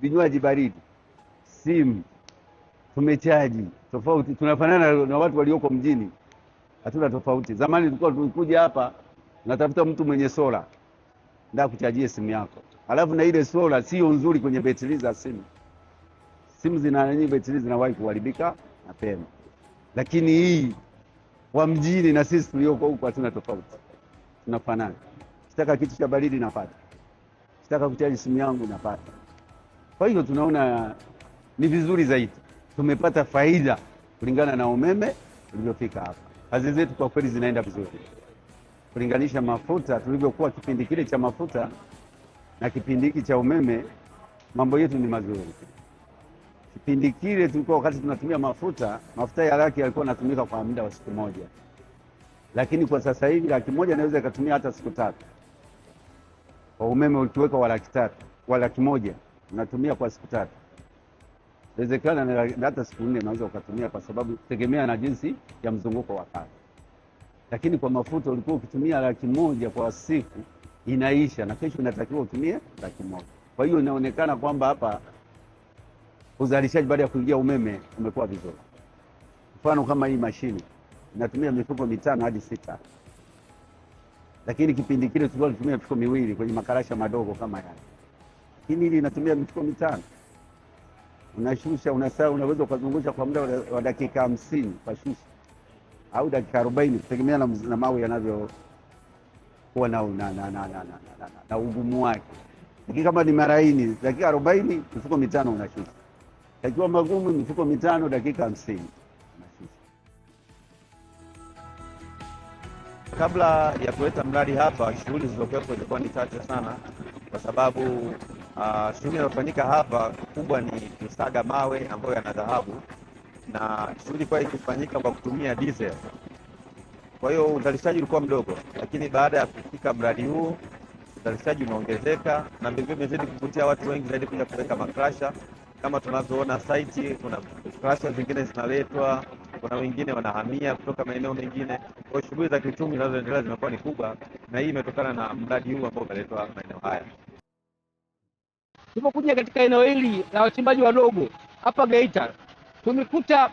vinywaji baridi, simu tumechaji. Tofauti tunafanana na watu walioko mjini, hatuna tofauti. Zamani tulikuwa tulikuja hapa, natafuta mtu mwenye sola nda kuchajie simu yako, alafu na ile sola sio nzuri kwenye betri za simu. Simu zina nini, betri zinawahi kuharibika mapema. Lakini hii wa mjini na sisi tulioko huku hatuna tofauti, tunafanana. Sitaka kitu cha baridi napata, sitaka kuchaji simu yangu napata. Kwa hiyo tunaona ni vizuri zaidi, tumepata faida kulingana na umeme uliofika hapa. Kazi zetu kwa kweli zinaenda vizuri kulinganisha mafuta, tulivyokuwa kipindi kile cha mafuta na kipindi hiki cha umeme, mambo yetu ni mazuri. Kipindi kile tulikuwa wakati tunatumia mafuta, mafuta ya laki yalikuwa yanatumika kwa muda wa siku moja, lakini kwa sasa hivi laki moja inaweza ikatumia hata siku tatu. Kwa umeme ukiweka wa laki tatu wa laki moja unatumia kwa siku tatu, inawezekana hata siku nne unaweza ukatumia, kwa sababu tegemea na jinsi ya mzunguko wa kazi. Lakini kwa mafuta ulikuwa ukitumia laki moja kwa siku inaisha, na kesho inatakiwa utumie laki moja. Kwa hiyo inaonekana kwamba hapa uzalishaji baada ya kuingia umeme umekuwa vizuri. Mfano kama hii mashine inatumia mifuko mitano hadi sita, lakini kipindi kile tulikuwa tunatumia mifuko miwili kwenye makarasha madogo kama yale lakini hili linatumia mifuko mitano, unashusha unasaa, unaweza ukazungusha kwa muda wa dakika hamsini ukashusha, au dakika arobaini kutegemea na, na mawe yanavyokuwa na, na, na, na, na, na ugumu wake. Lakini kama ni maraini, dakika arobaini mifuko mitano unashusha, yakiwa magumu mifuko mitano, dakika hamsini Kabla ya kuleta mradi hapa, shughuli zilizokuwepo zilikuwa ni chache sana, kwa sababu Uh, ah, shughuli inayofanyika hapa kubwa ni kusaga mawe ambayo yana dhahabu, na shughuli kwa ikifanyika kwa kutumia diesel. Kwa hiyo uzalishaji ulikuwa mdogo, lakini baada ya kufika mradi huu uzalishaji umeongezeka na vilevile imezidi kuvutia watu wengi zaidi kuja kuweka makrasha. Kama tunavyoona saiti, kuna krasha zingine zinaletwa, kuna wengine wanahamia kutoka maeneo mengine. Kwa shughuli za kiuchumi zinazoendelea zimekuwa ni kubwa, na hii imetokana na mradi huu ambao umeletwa maeneo haya. Tulipokuja katika eneo hili la wachimbaji wadogo hapa Geita, tumekuta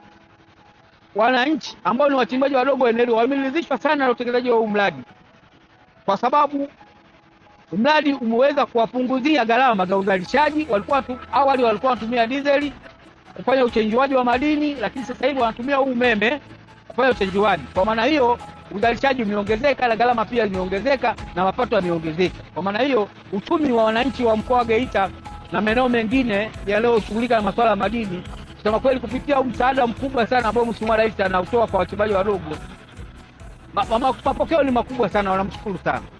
wananchi ambao ni wachimbaji wadogo eneo hilo wameridhishwa sana na utekelezaji wa huu mradi, kwa sababu mradi umeweza kuwapunguzia gharama za uzalishaji. Walikuwa tu, awali walikuwa wanatumia dizeli kufanya uchenjuaji wa madini, lakini sasa hivi wanatumia huu umeme kufanya uchenjuaji. Kwa maana hiyo uzalishaji umeongezeka na gharama pia zimeongezeka na mapato yameongezeka. Kwa maana hiyo uchumi wa wananchi wa mkoa wa Geita na maeneo mengine yanayoshughulika na masuala ya madini. Kusema kweli, kupitia msaada mkubwa sana ambao Mheshimiwa Rais anautoa kwa wachimbaji wadogo, mapokeo ni makubwa sana, wanamshukuru sana.